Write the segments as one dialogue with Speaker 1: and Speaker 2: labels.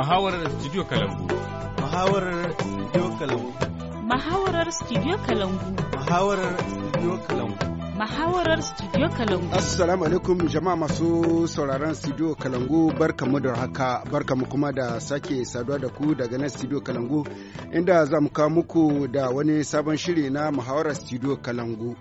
Speaker 1: Muhawarar Studio Kalambu. Muhawarar Studio Kalambu.
Speaker 2: Muhawarar Studio Kalambu. Muhawarar Studio Kalambu. Muhawarar Studio Kalangu. Assalamu alaikum jama'a masu sauraron Studio Kalangu barkamu da haka barkamu kuma da sake saduwa da ku daga nan Studio Kalangu inda za mu kawo muku da wani sabon shiri na Muhawarar Studio Kalangu.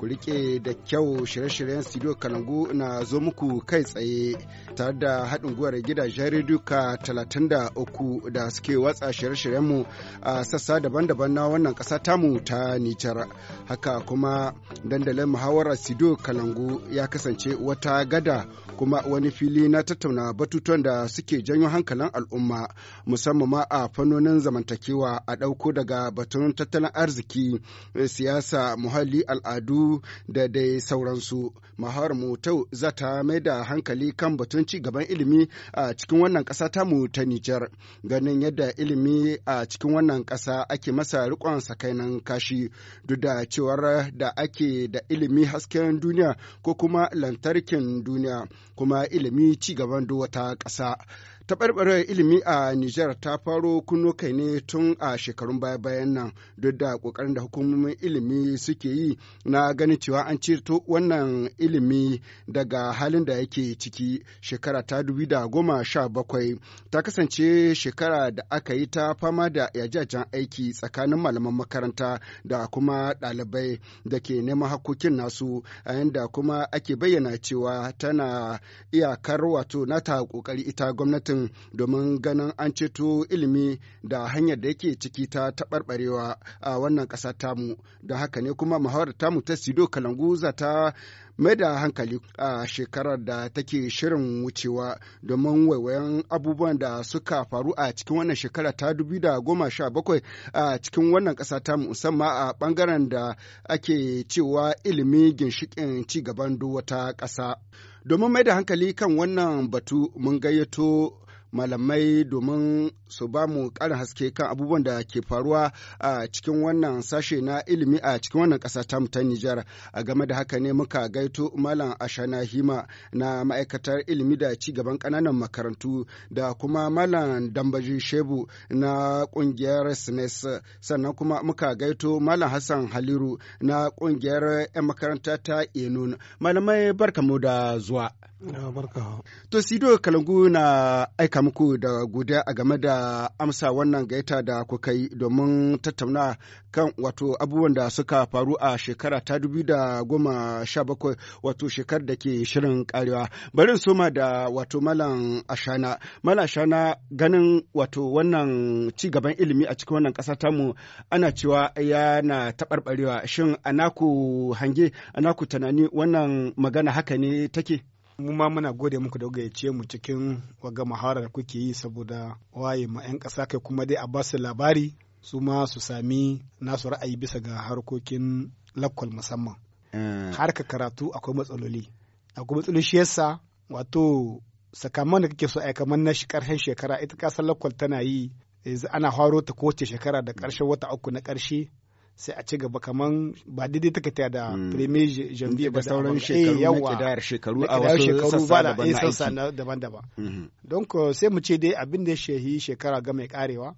Speaker 2: ku rike da kyau shirye-shiryen studio kalangu na zo muku kai tsaye tare da haɗin gwiwar gidajen reduka 33 da suke watsa shirye-shiryenmu a sassa daban-daban na wannan ƙasa tamu ta nijar haka kuma dandalin muhawarar studio kalangu ya kasance wata gada kuma wani fili na tattauna batutuwan da suke janyo hankalin al'umma musamman ma a fannonin zamantakewa a ɗauko daga batun tattalin arziki siyasa muhalli al'adu da dai sauransu mahawar mutau za ta mai da hankali kan batun ci gaban ilimi a cikin wannan ƙasa mu ta nijar ganin yadda ilimi a cikin wannan ƙasa ake masa rikon sakainan kashi duk da cewar da ake da ilimi hasken duniya ko kuma lantarkin duniya kuma ilimi ci gaban duk wata ƙasa taɓarɓarar ilimi a Nijar ta faro kuno kai ne tun a shekarun baya-bayan nan duk da ƙoƙarin da hukumomin ilimi suke yi na ganin cewa an ceto wannan ilimi daga halin da yake ciki shekara ta dubi da goma sha bakwai ta kasance shekara da aka yi ta fama da yajajen aiki tsakanin malaman makaranta da kuma ɗalibai da ke neman hakokin nasu a yadda kuma ake bayyana cewa tana iyakar wato nata ƙoƙari ita gwamnatin domin ganin an ceto ilimi da hanyar da yake ciki ta taɓarɓarewa a wannan ƙasa tamu da haka ne kuma muhawar tamu ta sido kalangu za ta mai da hankali a shekarar da take shirin wucewa domin waiwayan abubuwan da suka faru a cikin wannan shekara ta bakwai a cikin wannan ƙasa ta musamman a ɓangaren da ake cewa ilimi ginshiƙin ci gaban duwata ƙasa. Domin mai da hankali kan wannan batu mun gayyato malamai domin su ba mu ƙarin haske kan abubuwan da ke faruwa a cikin wannan sashe na ilimi a cikin wannan ƙasa ta ta Nijar. A game da haka ne muka gaito Malam Ashana Hima na ma'aikatar ilimi da ci gaban ƙananan makarantu da kuma Malam Dambaji Shebu na ƙungiyar SNES e sannan kuma muka gaito Malam Hassan Haliru na ƙungiyar 'yan makaranta ta Enun. Malamai barkamu da zuwa. To Sido Kalangu na aika muku da godiya a game da amsa wannan gaita da kuka yi domin tattauna kan wato abubuwan da suka faru a shekara ta dubi da goma sha bakwai wato shekar da ke shirin karewa. Barin soma da wato malan Ashana. Malan Ashana ganin wato wannan ci gaban ilimi a cikin wannan ƙasa tamu ana cewa yana taɓarɓarewa shin anaku hange anaku tunani wannan magana haka ne take? mu ma muna gode muku da gayyace mu cikin waga muhawarar kuke yi saboda waye ma 'yan ƙasa kai kuma dai a ba su labari su ma su sami nasu ra'ayi bisa ga harkokin lakwal musamman eh. harka karatu akwai matsaloli akwai matsaloli shi yasa wato sakamakon da kake so ai manna na karshen shekara ita kasar lakwal tana yi ana haro ta kowace shekara da karshen wata uku na karshe sai a ci gaba kaman ba daidai take ta da mm. premier janvier ba sauran shekaru na kidayar shekaru a wasu sassa daban eh, na sassa daban-daban mm-hmm. don sai mu ce dai abin da shehi shekara ga mai karewa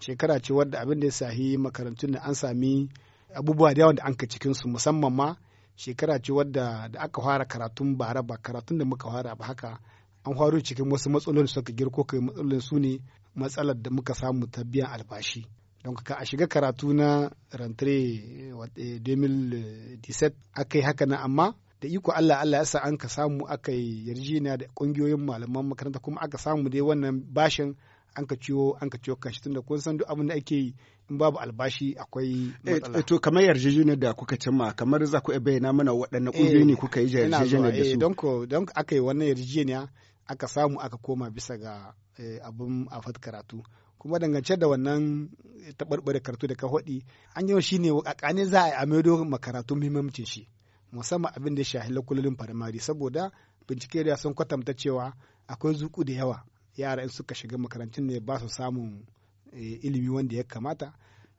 Speaker 2: shekara ce wadda abin da ya sahi makarantun da an sami abubuwa da yawan da an ka cikin su musamman ma shekara ce wadda da aka fara karatun bara ba karatun da muka fara ba haka an faru cikin wasu matsalolin suka girko kai matsalolin su ne matsalar da muka samu ta biyan albashi don ka a shiga karatu na rantre 2017 eh, aka yi haka na amma da iko Allah Allah ya sa an ka samu aka yi yarjejeniya da kungiyoyin malaman makaranta kuma aka samu dai wannan bashin an ka ciwo an ka ciwo kashi tunda kun san duk abin da ake yi in babu albashi akwai eh, matsala. Eh, to kamar yarjejeniyar da kuka cimma kamar za ku bayyana mana waɗanne kungiyoyi ne kuka yi yarjejeniyar da su. don ko don aka yi wannan yarjejeniya aka samu aka koma bisa ga abin afat karatu. kuma dangance da wannan taɓarɓare karatu da ka haɗi an yau shine a ƙane za a yi a maido makaratu muhimmancin shi musamman abin da shahi lakulolin firamare saboda bincike da sun kwatanta cewa akwai zuku da yawa yara in suka shiga makarantun ne ba su samun eh, ilimi wanda ya kamata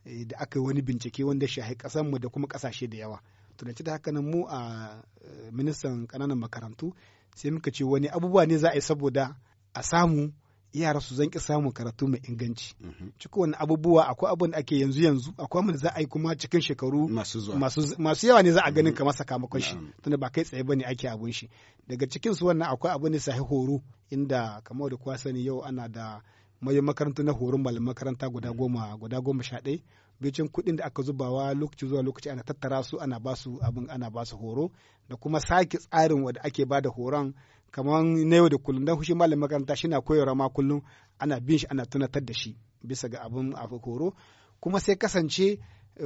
Speaker 2: eh, da aka yi wani bincike wanda shahi mu da kuma ƙasashe da yawa to da haka nan mu a eh, ministan kananan makarantu sai muka ce wani abubuwa ne za a yi saboda a samu yara su zanki samun karatu mai inganci mhm. cikin wani abubuwa akwai abin da ake yanzu yanzu akwai wani za a yi kuma cikin shekaru masu yawa ne za a ganin mhm. kamar sakamakon shi tunda ba kai tsaye bane ake abun shi daga cikin su wannan akwai abin da sahi horo inda kamar da kuwa sani yau ana da mai makarantu na horon malaman makaranta guda mhm. goma guda goma sha ɗaya bicin kuɗin da aka zubawa lokaci zuwa lokaci ana tattara su ana ba su abin ana ba su horo da kuma sake tsarin wanda ake ba da horon kamar na yau da kullum dan shi malamin makaranta shi na koyarwa ma kullum ana bin shi ana tunatar da shi bisa ga abin horo kuma sai kasance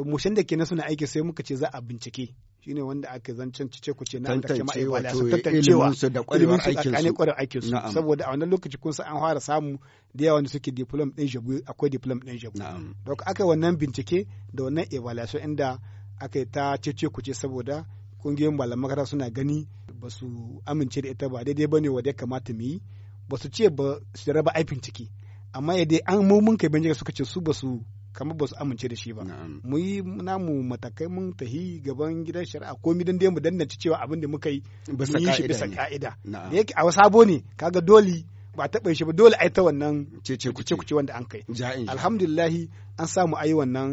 Speaker 2: mushen da ke na suna aiki sai muka ce za a bincike shine wanda aka zancen cice ku ce na aka ce ma'ai wala su tantancewa da kwarewar aikin su saboda a wannan lokaci kun sa an fara samu da yawa wanda suke diplom din jabu akwai diplom din jabu don aka wannan bincike da wannan evaluation inda aka ta cece ku ce saboda kungiyoyin malaman makaranta suna gani ba su amince da ita ba daidai bane wanda ya kamata mu yi ba su ce ba su raba aikin ciki amma yadda dai an mun kai bincike suka ce su ba su kamar ba su amince da shi ba mu yi namu matakai mun tahi gaban gidan shari'a komi dan da mu dannace cewa abin da muka yi mu yi shi bisa ka'ida da yake a sabo ne kaga dole ba taɓa shi ba dole ai ta wannan cece kuce wanda an kai alhamdulillahi an samu ayi wannan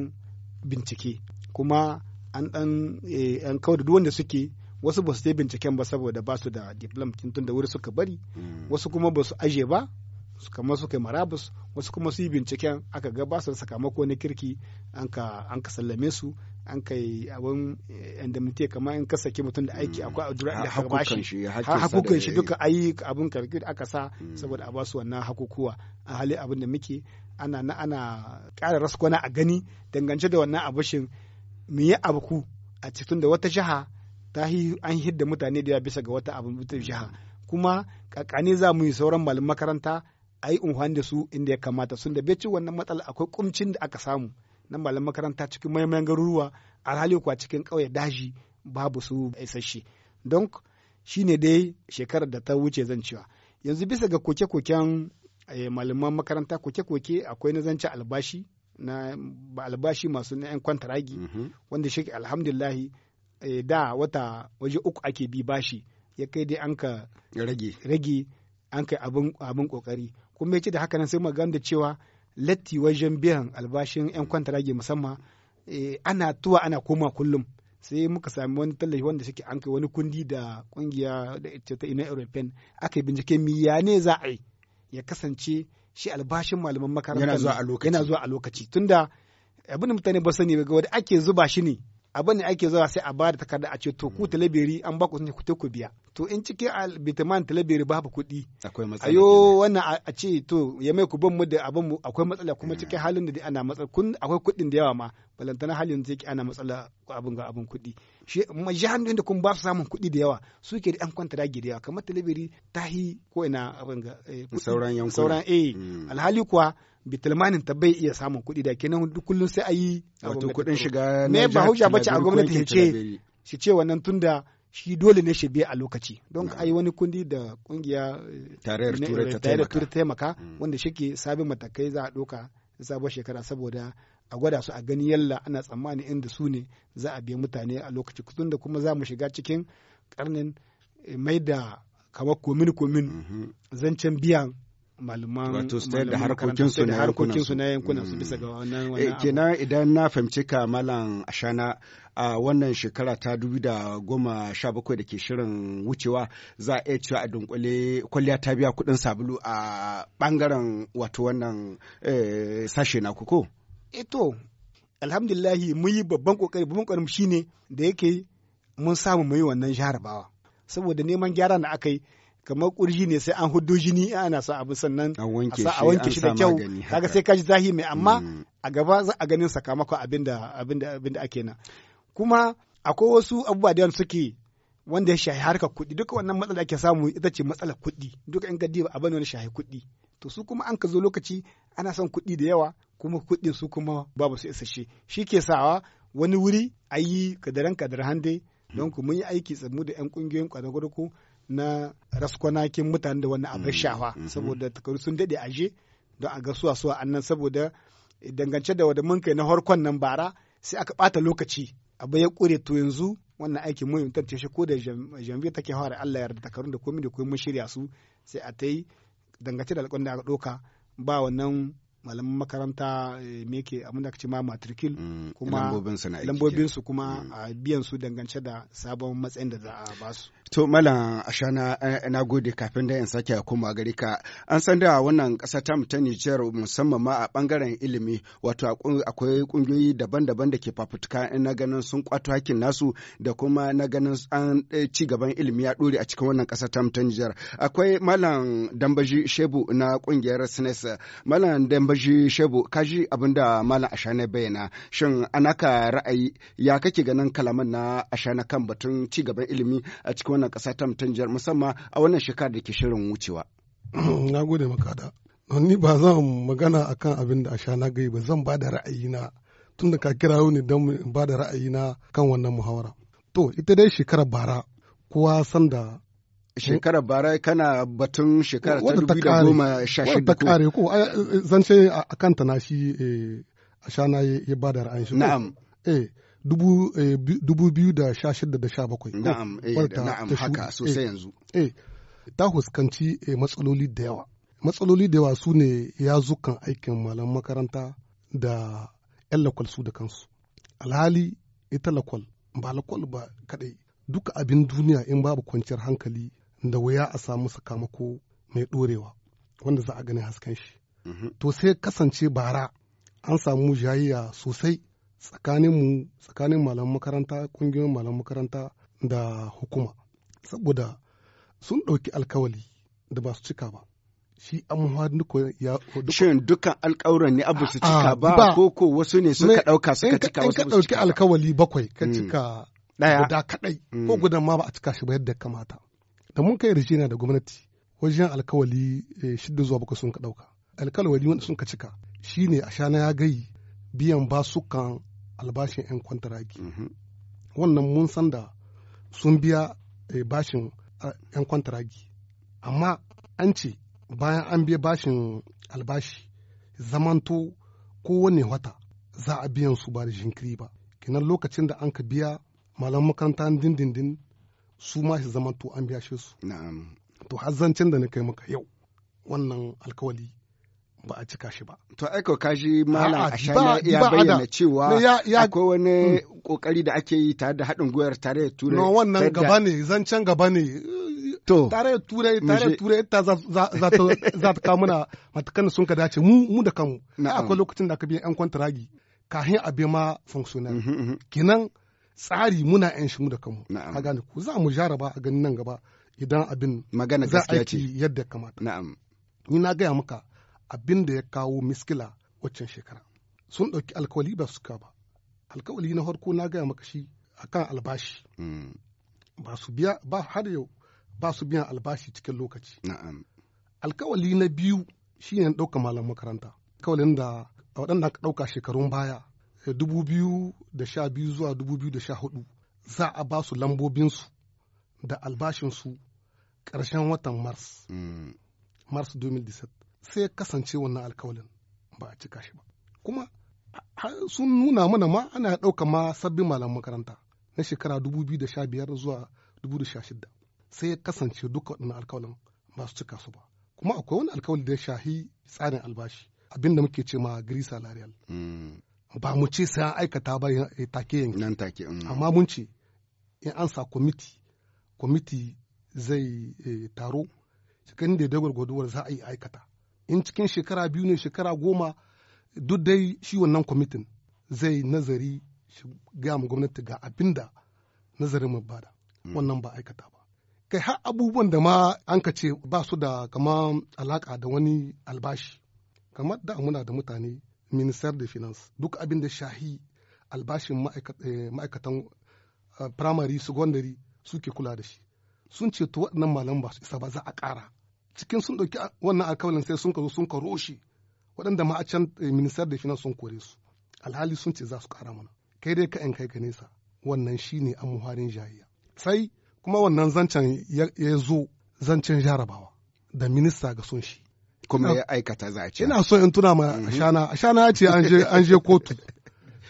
Speaker 2: bincike kuma an dan eh, an kawo da wanda suke wasu ba su yi binciken ba saboda ba su da diplom tun da wuri suka bari mm. wasu kuma ba su aje ba kamar su kai marabus wasu kuma su yi binciken aka ga ba su sakamako na kirki an ka sallame su an kai abin eh, indemnity kamar in ka saki mutum da aiki mm. akwai adura da haka bashi hakukan shi duka ayi abin karki da aka sa mm. saboda a basu wannan hakukuwa a hali abin da muke ana na ana ƙara raskwana a gani dangance da wannan abushin mu yi a cikin da wata jiha ta an hidda mutane da bisa ga wata abin jiha mm. kuma kakane za mu yi sauran malin makaranta a yi unhuwan da su inda ya kamata sun da ci wannan matsala akwai kumcin da aka samu na malam makaranta cikin mayan garuruwa alhali kuwa cikin ƙauye daji babu su isasshe don shi ne dai shekarar da ta wuce zan cewa yanzu bisa ga koke-koken eh, malaman makaranta koke-koke akwai na zance albashi na ba albashi masu na 'yan kwantaragi mm-hmm. wanda shi alhamdulahi eh, da wata waje uku ake bi bashi ya kai dai an ka rage an kai abin kokari kuma ya ce da haka nan sai mu da cewa latti wajen biyan albashin 'yan rage musamman eh, ana tuwa ana koma kullum sai muka sami wani tallafi wanda suke an kai wani kundi da kungiya da ita ta ina European aka yi bincike miya ne za a yi ya kasance shi albashin malaman makaranta yana zuwa a lokaci yana a lokaci tunda abin da mutane ba sani ba wanda ake zuba shi ne abin da ake zuwa sai a ba da takarda a ce to ku talabiri an ba ku sun ku biya to in cikin bitaman talabiri babu kuɗi akwai matsala ayo wannan a ce to ya mai ku mu da abin mu akwai matsala kuma cikin eh. halin da ana matsala kun akwai kuɗin da yawa ma balantana halin da yake ana matsala abin ga abin kuɗi shi majahan da kun ba su samun kuɗi da yawa suke da ɗan kwanta da yawa kamar talabiri hi ko ina abin ga eh, sauran yankuna sauran eh hmm. alhali kuwa bitalmanin ta bai iya samun kuɗi da kenan duk kullun sai a yi wato kuɗin shiga ne ba hujja bace a gwamnati ce shi ce wannan tunda shi dole ne shi biya a lokaci don mm. ai wani kundi da kungiya eh, tarayyar turai ta taimaka mm. wanda shike sabin matakai za a doka sabon shekara saboda a gwada su a gani yalla ana tsammani inda su ne za a biya mutane a lokaci kusur da kuma za mu shiga cikin karnin eh, mai da kamar komin komin mm-hmm. zancen biyan malaman wato da harkokinsu na harkokinsu na mm. su bisa ga wannan eh, wannan kenan idan na fahimci ka malam ashana a wannan shekara ta dubu da goma sha bakwai da ke shirin wucewa za a iya cewa a dunkule kwalliya ta biya kuɗin sabulu a bangaren wato wannan eh, sashe na kuko eto eh, alhamdulillahi mun yi babban kokari babban kokarin shine da yake mun samu mai wannan jarabawa saboda neman gyara da aka yi kamar kurji ne sai an huddo jini ana sa abu sannan a wanke shi da kyau kaga sai kaji zahi mai amma mm. a gaba za a ganin sakamako abin da ake na kuma akwai wasu abubuwa da suke wanda ya shahi harkar kuɗi duka wannan matsala ake samu ita ce matsalar kuɗi duka in gadi a abin wani shahi kuɗi to su kuma an ka zo lokaci ana son kuɗi da yawa kuma kuɗin su kuma babu su isa shi ke sawa wani wuri a yi kadaran kadar hande don ku mun yi aiki tsammu da 'yan ƙungiyoyin kwadagwarko na raskwanakin mutane da wani abin mm, shafa mm-hmm. saboda takaru sun daɗe aje don a ga suwa suwa annan saboda dangance da wadda mun kai na harkon nan bara sai aka ɓata lokaci abu ya ƙure to yanzu wannan aikin mun yuntar shi ko da janvier take fara Allah yarda takarun da komai da komai mun shirya su sai a ta yi dangance da alƙon da aka ɗauka ba wannan malaman makaranta eh, me ke abin da ce ma matrikil mm, kuma lambobinsu kuma mm. a biyan su dangance da sabon matsayin da za a ba su To Malam Ashana eh, na gode kafin da in sake koma gari ka. An san da wannan ƙasa ta mu ta musamman ma a ɓangaren ilimi wato akwai ƙungiyoyi daban-daban da ke fafutuka na ganin sun kwato hakkin nasu da kuma na ganin an eh, ci gaban ilimi ya dore a cikin wannan ƙasa ta mu ta Akwai Malam Dambaji Shebu na ƙungiyar SNS Malam Dambaji Shebu ka ji abin da Malam Ashana bayyana. Shin anaka ra'ayi ya kake ganin kalaman na Ashana kan batun ci gaban ilimi a cikin wannan ƙasa ta mutanjar musamman a wannan shekarar da ke shirin wucewa.
Speaker 1: Na gode maka da. Ni ba zan magana kan abin da a sha na gai ba zan ba da ra'ayina tun da ka kira ni don ba da ra'ayina kan wannan muhawara. To ita dai shekarar bara kowa san da shekarar
Speaker 2: bara kana batun shekarar ta dubu da goma sha shida ta kare
Speaker 1: ko zan ce a kanta na shi eh, a shana ya ba da ra'ayin shi. Na'am. Eh 2016 eh, na'am eh, na'am haka sosai eh, yanzu ta huskanci matsaloli da yawa matsaloli da yawa su ne yazukan aikin malam makaranta da 'yan lakwal su da kansu alhali ita lakwal ba lakwal ba kadai duka abin duniya in babu kwanciyar hankali da wuya a samu sakamako mai ɗorewa wanda za a ganin hasken shi mhm. to sai kasance bara an samu jayayya sosai tsakaninmu tsakanin malaman makaranta kungiyoyin malaman makaranta da hukuma saboda sun ɗauki alkawali da ba su cika ba shi amuwa duka ya shin dukkan
Speaker 2: alkawuran ne abu su cika ah, ba ko ko wasu ne suka ɗauka suka cika wasu ka ɗauki
Speaker 1: alkawali bakwai ka hmm. cika guda kaɗai ko hmm. gudan ma ba a cika shi ba yadda kamata da mun kai rijina da gwamnati wajen alkawali eh, shidda zuwa bakwai sun ka ɗauka alkawali wanda sun ka cika shine a shana ya gayi biyan basukan albashin 'yan mhm. wannan mun san da sun biya eh, bashin 'yan kwantaragi amma an ce bayan an biya bashin albashi zamanto kowane wata za a biyan su ba da jinkiri ba kenan lokacin da an ka biya malam makaranta dindindin su ma shi zamanto an biya shi su to hazzancin da na kai maka yau wannan alkawali ba a cika shi ba. To
Speaker 2: aiko kashi
Speaker 1: a shi ya bayyana cewa akwai wani
Speaker 2: mm. kokari
Speaker 1: da ake yi tare da haɗin gwiwar da turai. No wannan gaba ne zancen gaba ne. To da turai da turai ta za ta kawo mana matakan sun ka dace mu mu da kanmu. Akwai lokacin da aka biya 'yan kwantaragi kahin a bi ma funksiyonar. Mm-hmm, mm-hmm. Kinan tsari muna 'yan shi mu da kanmu. Ka gane ku za mu jaraba a ganin nan gaba idan abin magana gaskiya ce yadda kamata. Na'am. Ni na gaya maka abin da ya kawo miskila waccan shekara sun ɗauki alkawali ba su ba alkawali na farko na gaya maka shi akan albashi hmm. ba su biya ba har yau ba su biyan albashi cikin lokaci alkawali na biyu shine ɗauka malam makaranta alkawalin da waɗanda aka ɗauka shekarun baya eh, Dubu biyu da sha biyu zuwa dubu biyu da sha hudu za a ba su lambobinsu da albashinsu ƙarshen watan mars hmm. mars 2017 sai ya kasance wannan alkawalin ba a cika shi ba kuma sun nuna mana ma ana ɗauka ma sabbin malam makaranta na shekara 2015 zuwa 2016 sai ya kasance duka waɗannan alkawalin ba su cika su ba kuma akwai wani alkawali da ya shahi tsarin albashi abinda muke ce ma grisa salarial mm. ba mu ce sai an aikata ba ya take yanki mm. amma mun ce in an sa kwamiti kwamiti zai eh, taro cikin da dagwar gwaduwar za a yi aikata in cikin shekara biyu ne shekara goma duk dai shi wannan kwamitin zai nazari gaya ma gwamnati ga abinda da nazarin mu bada mm. wannan ba aikata ba kai har abubuwan da ma an ka ce ba su da kama alaka da wani albashi kamar da muna da mutane minister da finance duk abin da shahi albashin eh, ma'aikatan eh, primary secondary suke kula da shi sun ce to waɗannan malam ba su isa ba za a ƙara cikin sun ɗauki wannan alkawalin sai sun zo sun karo shi waɗanda ma a can eh, ministar da finan sun kore su alhali sun ce za su kara mana kai dai ka in kai ka nesa wannan shi shine amuharin jahiya sai kuma wannan zancen ya zo zancen jarabawa da minista ga son shi kuma ya
Speaker 2: aikata za a ce
Speaker 1: ina so in tuna ma ashana mhm. ashana ya ce an je kotu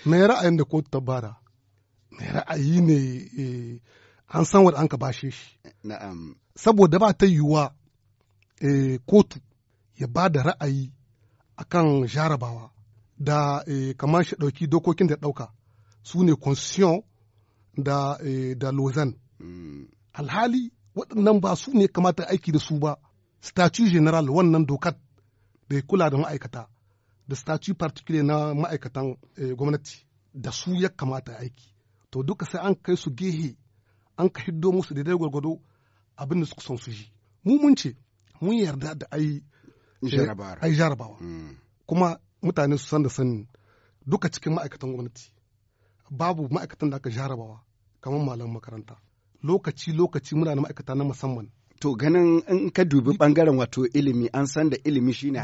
Speaker 1: na ya ra'ayin da kotu ta bara na ra'ayi ne eh, an san wanda an ka bashe shi na'am saboda ba ta yiwuwa e kotu ya ba da ra'ayi a kan jarabawa da eh, kamar shi ɗauki dokokin da ɗauka su ne constitution da eh, da lausanne alhali waɗannan ba su ne kamata aiki da su ba statu general wannan dokar da kula da ma'aikata da statut particular na ma'aikatan gwamnati da su ya kamata aiki to duka sai an kai su gehe an ka hiddo musu daidai gwargwado abin da suka son su yi mu mun ce mun yarda da ai ai eh, jarabawa mm. kuma mutane su san da sani duka cikin ma'aikatan gwamnati babu ma'aikatan da aka jarabawa kamar malam makaranta lokaci lokaci muna da ma'aikata na musamman to
Speaker 2: ganin in ka dubi bangaren wato ilimi an san da ilimi shine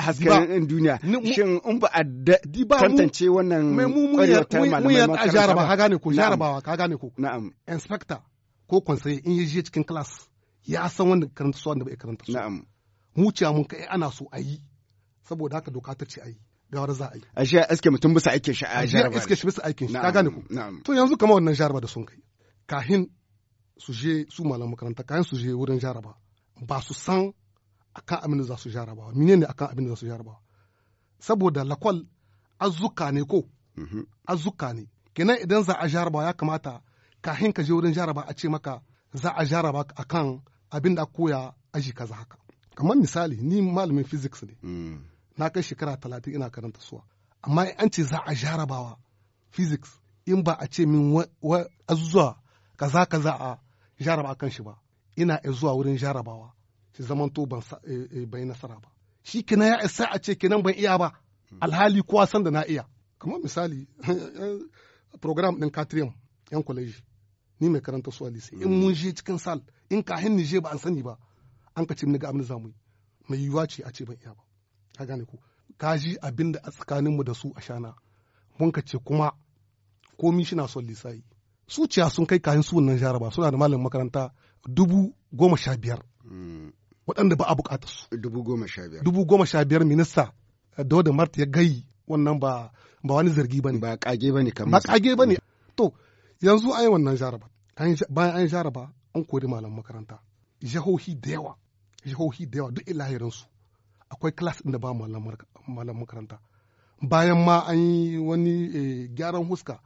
Speaker 2: hasken duniya shin in ba a tantance
Speaker 1: wannan kwarewar ta malamai makaranta ba mun yarda a jarabawa ka gane ko jarabawa ka gane ko na'am inspector ko conseiller in yi cikin class ya san wanda karanta su wanda bai karanta su na'am mu ce mun kai ana so a yi saboda haka doka ta ce a yi gawar za a yi a shi aske mutum bisa aikin shi a jarabar a aske shi bisa aikin shi ka gane ku to yanzu kamar wannan jaraba da sun kai kahin su je su malam makaranta kayan su je wurin jaraba ba su san akan abin da za su jaraba mine ne akan abin da za su jaraba saboda lakwal azuka ne ko mhm. azuka ne kenan idan za a jaraba ya kamata kahin ka je wurin jaraba a ce maka za a jaraba akan abin da koya aji kaza haka kamar misali ni malamin physics ne mm. na kai shekara talatin ina karanta suwa amma an ce za a jarabawa physics in ba a ce min azuzuwa kaza kaza a jaraba kan shi ba ina zuwa wurin jarabawa shi zaman to ban eh, eh, bai nasara ba shi kenan ya isa a ce kenan ban iya ba mm. alhali kowa san da na iya kamar misali eh, program din katrium yan kwaleji ni mai karanta su a lise in mm. mun je cikin sal in kahin ni je ba an sani ba an ka ce ni ga amin zamu yi mai yiwuwa ce a ce ban iya ba ka gane ku ka ji abin da a tsakaninmu da su a shana mun ka ce kuma komi shi na son lisayi su ciya sun kai kayan su wannan jaraba suna da malamin makaranta dubu goma sha biyar mm. waɗanda ba a bukata su dubu goma sha biyar dubu goma sha biyar minista eh, da marta ya gayi wannan ba ba wani zargi bane ba kage bane kamar ba kage bane mm. to yanzu ai wannan jaraba bayan an share ba an kori malam makaranta jihohi da yawa jihohi da yawa duk ilahirinsu akwai class ɗin da ba malam makaranta bayan ma an yi wani eh, gyaran huska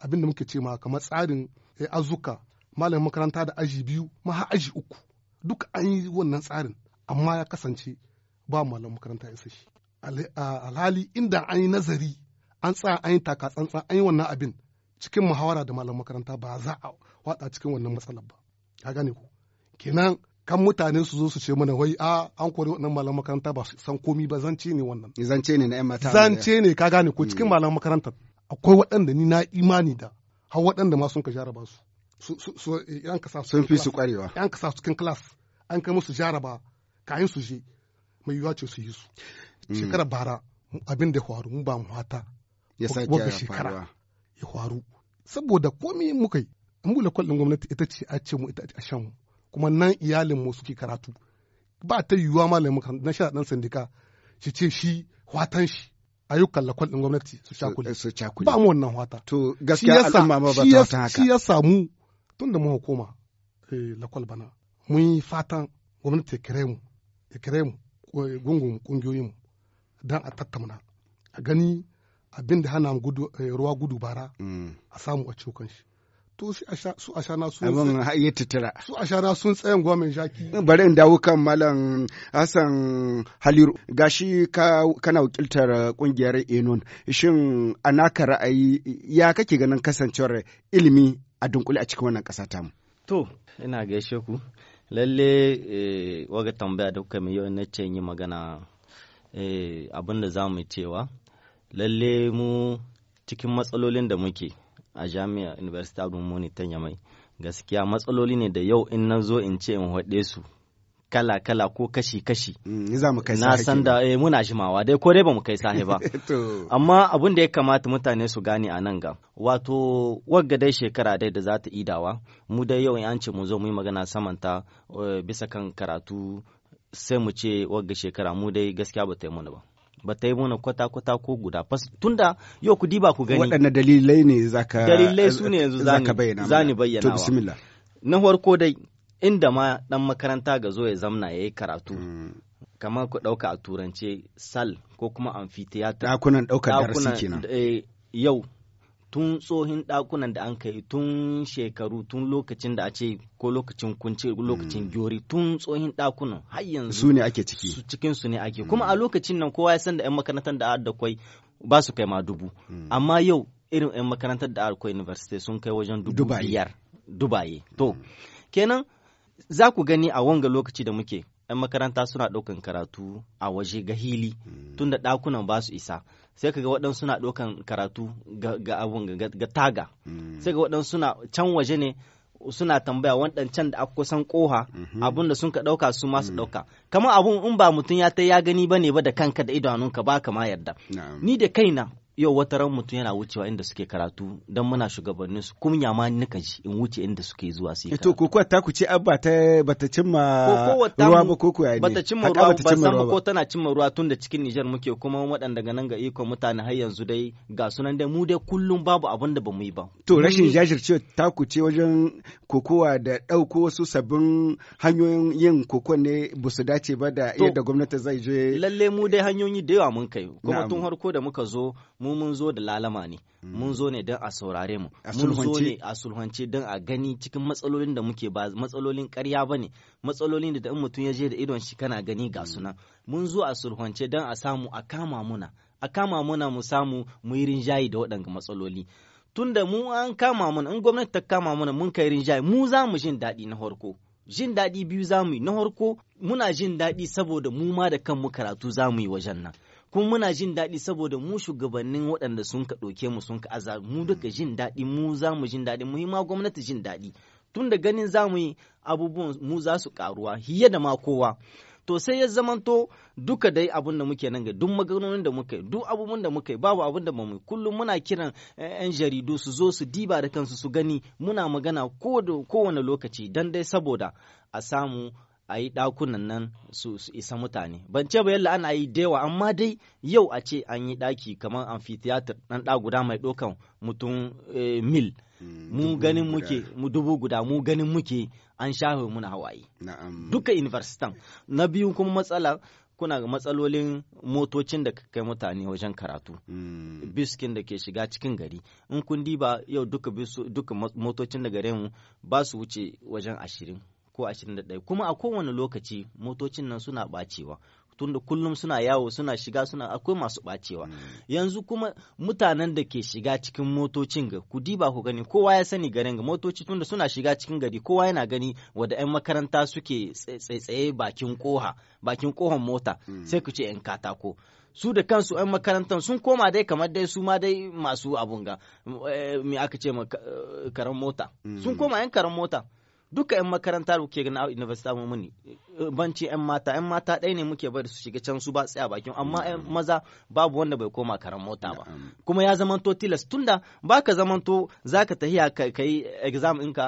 Speaker 1: abinda muke ce ma kamar tsarin eh, azuka malam makaranta da aji biyu ma har aji uku duk an yi wannan tsarin amma ya kasance ba malam makaranta ya shi alhali inda an yi nazari an tsaya an yi taka tsantsan an yi wannan abin cikin muhawara da malam makaranta ba za a faɗa cikin wannan matsalar ba ka gane ku kenan kan mutane su zo su ce mana wai a ah, an kori wannan malam makaranta ba san komi ba zance ne wannan zance ne na yan mata zance ne ka gane ko mm. cikin malam makaranta akwai waɗanda ni na imani da har waɗanda ma sun ka jaraba su su yan ka sa su sun fi su kwarewa yan ka sa su cikin class an kai musu jaraba kayan su je mai yiwuwa ce su yi su mm. shekara bara abin da faru mu ba mu hata ya sake shekara ya faru saboda komi muka yi bude kwal ɗin gwamnati ita ce a ce mu ita a shan mu kuma nan iyalin mu suke karatu ba ta yiwuwa malamin makaranta na sha dan sindika shi ce shi watan shi ayyukan lakwal ɗin gwamnati su cakule ba mu wannan wata to gaskiya al'umma ba ta wata haka shi ya samu tun da muka koma eh, lakwal bana mun yi fatan gwamnati ya kire mu ya kire mu eh, gungun kungiyoyin mu dan a tattauna a gani abin da hana eh, ruwa gudu bara mm. a samu a cikin shi to su su shana sun
Speaker 2: abin tattara
Speaker 1: su shana sun gwamin shaki bari in
Speaker 2: dawo kan malam Hassan Haliru gashi kana wakiltar kungiyar Enon shin anaka ra'ayi ya kake ganin kasancewar ilimi a dunkule a cikin wannan kasa tamu
Speaker 3: to ina gaishe ku lalle eh, waga tambaya da kuka yau na ce yi magana eh, abin da za mu cewa lalle mu cikin matsalolin da muke a jami'ar university abin Muni ta yamai gaskiya matsaloli ne da yau in na zo in ce in haɗe su kala kala ko kashi kashi mm, na san da eh, muna jimawa dai ko dai ba mu kai sahi ba amma abin da ya kamata mutane su gane a nan ga wato wagga dai shekara dai da za ta idawa mu dai yau an ce mu zo mu yi magana samanta eh, bisa kan karatu sai mu ce wagga shekara mu dai gaskiya ba ta yi mana ba ba ta yi mana kwata-kwata ko guda tunda yau ku diba ku gani waɗanne
Speaker 2: dalilai ne ka dalilai su ne yanzu ni bayyana to bismillah
Speaker 3: na farko dai inda ma dan makaranta ga zo ya zamna ya yi karatu hmm. kamar ku ɗauka a turance sal ko kuma amphitheater ɗakunan ɗaukar darasi kenan eh, yau tun tsohin ɗakunan da an kai tun shekaru tun lokacin da a ce ko lokacin kunci lokacin mm. gyori tun tsohin ɗakunan har yanzu su ne ake ciki cikin su ne ake kuma a mm. lokacin nan kowa ya san da 'yan makarantar da da kwai ba su kai ma dubu mm. amma yau irin 'yan makarantar da akwai university sun kai wajen dubu biyar dubaye to kenan za ku gani a wanga lokaci da muke 'yan makaranta suna ɗaukan karatu a waje ga hili hmm. tun da ɗakunan ba su isa sai ga waɗansu suna ɗaukan karatu ga abun ga taga hmm. sai ga waɗansu suna can waje ne suna tambaya can da aka kusan koha hmm. abun da sun ka ɗauka su ma su ɗauka kamar abun in ba mutum ya ta ya gani ba ne ba da kanka da idanunka ba ka ma yarda ni da kaina yau wata ran mutum yana wucewa inda suke karatu don muna shugabannin su kunya ma nika ji in wuce inda suke zuwa su karatu.
Speaker 2: ko kuwa ta ku ce ba ta bata cimma ruwa ba ko kuwa ne bata cimma ruwa ba san ko
Speaker 3: tana cimma ruwa tun da cikin nijar muke kuma waɗanda ga nan ga iko mutane har yanzu dai ga sunan dai mu dai kullum babu abin da bamu yi ba to rashin
Speaker 2: jajircewa ta ku ce wajen kokowa da ɗauko wasu sabbin hanyoyin yin kokon ne ba su dace ba da yadda gwamnati zai je
Speaker 3: lalle mu dai hanyoyi da yawa mun kai kuma tun harko da muka zo mu mun zo da lalama ne mm. mun zo ne don a saurare mu mun zo ne a sulhance don a gani cikin matsalolin da muke ba matsalolin karya ba ne matsalolin da in mutum ya je da idon shi kana gani ga sunan mm. mun zo a sulhance don a samu a kama muna a kama muna mu samu mu yi rinjaye da waɗanga matsaloli tunda mu an kama muna in gwamnati ta kama muna mun kai rinjaye mu za mu jin daɗi na farko jin daɗi biyu za mu yi na farko muna jin daɗi saboda mu ma da kanmu karatu za mu yi wajen nan kuma muna jin daɗi saboda mu shugabannin waɗanda sun ka ɗauke mu sun ka aza mu duka jin daɗi mu za mu jin daɗi mu ma gwamnati jin daɗi tun da ganin za mu yi abubuwan mu za su ƙaruwa hiye da ma kowa to sai ya zamanto duka dai abun da muke nan ga duk maganonin da muke duk abubuwan da muke babu abun da mu kullum muna kiran yan jaridu su zo su diba da kansu su gani muna magana kowane lokaci dan dai saboda a samu a yi ɗakunan nan su, isa mutane ban ce ba yalla ana yi dewa amma dai yau a ce an yi ɗaki kamar amphitheater ɗan ɗa guda mai ɗaukan mutum eh, mil mm, mu ganin muke mu dubu guda mu ganin muke an shafe muna hawaye duka universitan na biyu kuma matsala kuna ga matsalolin motocin da kai mutane wajen karatu mm. biskin da ke shiga cikin gari in kundi diba yau duka motocin da gare mu ba su wuce wajen ashirin ko 21 kuma a kowane lokaci motocin nan suna bacewa tunda kullum suna yawo suna shiga suna akwai masu bacewa mm. yanzu kuma mutanen da ke shiga cikin motocin ga ku diba ku gani kowa ya sani garin ga motoci tunda suna shiga cikin gari kowa yana gani wadda yan makaranta suke tsaitsaye bakin koha bakin kohon mota mm. sai ku ce yan katako su da kansu 'yan makarantar sun koma dai kamar dai su ma dai masu abunga eh, me aka ce eh, karan mota mm. sun koma 'yan karan mota duka yan makaranta ke gani a university mu muni banci 'yan mata 'yan mata ɗaya ne muke bari su shiga can su ba tsaya bakin amma 'yan maza babu wanda bai koma karan mota ba kuma ya zamanto tilas tunda baka zamanto zaka tahiya ka yi exam ɗinka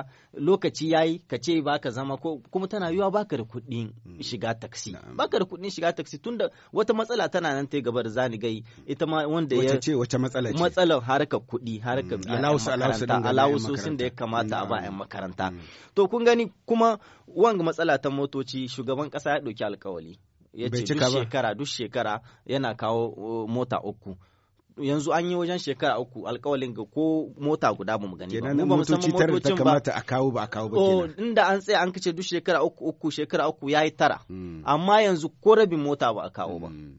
Speaker 3: lokaci yayi ka ce baka zama ko kuma tana yiwa baka mm. da kuɗin shiga taxi. baka da kuɗin shiga taxi tunda wata matsala tana nan ta gaba da zani gai ita ma wanda ya wace wace matsala ce matsalar harkar kuɗi harkar mm, biya alawusosin da ya kamata a ba 'yan mm. makaranta to kun gani kuma wanga matsala ta motoci shugaban kasa ya ɗauki alkawali
Speaker 1: ya ce duk shekara
Speaker 3: duk shekara yana kawo
Speaker 2: mota uku
Speaker 3: yanzu an yi wajen shekara uku alkawalin ga ko mota guda ba mu gani ba mu ba mu motocin ba kamata
Speaker 2: a kawo ba a kawo ba kenan
Speaker 3: inda an tsaya an kace duk shekara uku uku shekara uku yayi tara hmm. amma yanzu ko rabin mota ba a kawo ba hmm.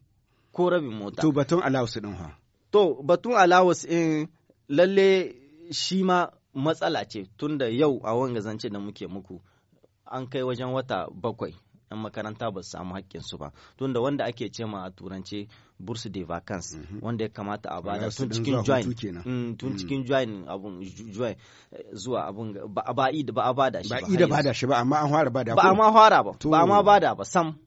Speaker 3: ko rabin mota to
Speaker 2: batun allowance din ha
Speaker 3: to batun allowance in lalle shi ma matsala ce tunda yau a wanga zance da muke muku an kai wajen wata bakwai 'yan makaranta ba su samu haƙƙinsu ba tun da wanda ake ce ma a turance bursu de vacance mhm. wanda ya kamata a bada tun cikin join mm, tun mm. cikin join abun join eh, zuwa abun ba a ba a bada shi ba ba
Speaker 2: a shi ba amma an fara bada ba amma
Speaker 3: fara ba ba amma bada ba sam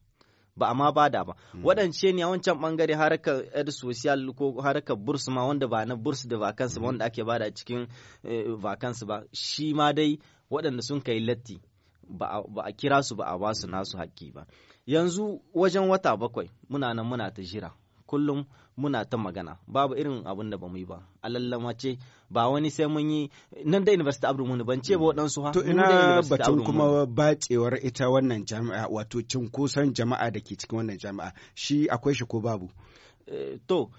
Speaker 3: ba a ma bada ba mm. waɗance ne a wancan bangare harkar ed social ko harkar burs ma wanda ba na burs de vacancy ba wanda ake bada cikin eh, vacancy ba shi ma dai waɗanda sun kai latti ba a kira su ba a ba su nasu haƙƙi ba yanzu wajen wata bakwai muna nan muna ta jira kullum
Speaker 2: muna ta magana
Speaker 3: babu irin abin da ba mu yi ba alallama ce ba wani sai mun yi nan da university abu mun ban ce ba waɗansu ha to ina batun kuma
Speaker 2: bacewar ita wannan jami'a wato cinkoson jama'a da ke cikin wannan jami'a shi akwai shi ko babu eh, to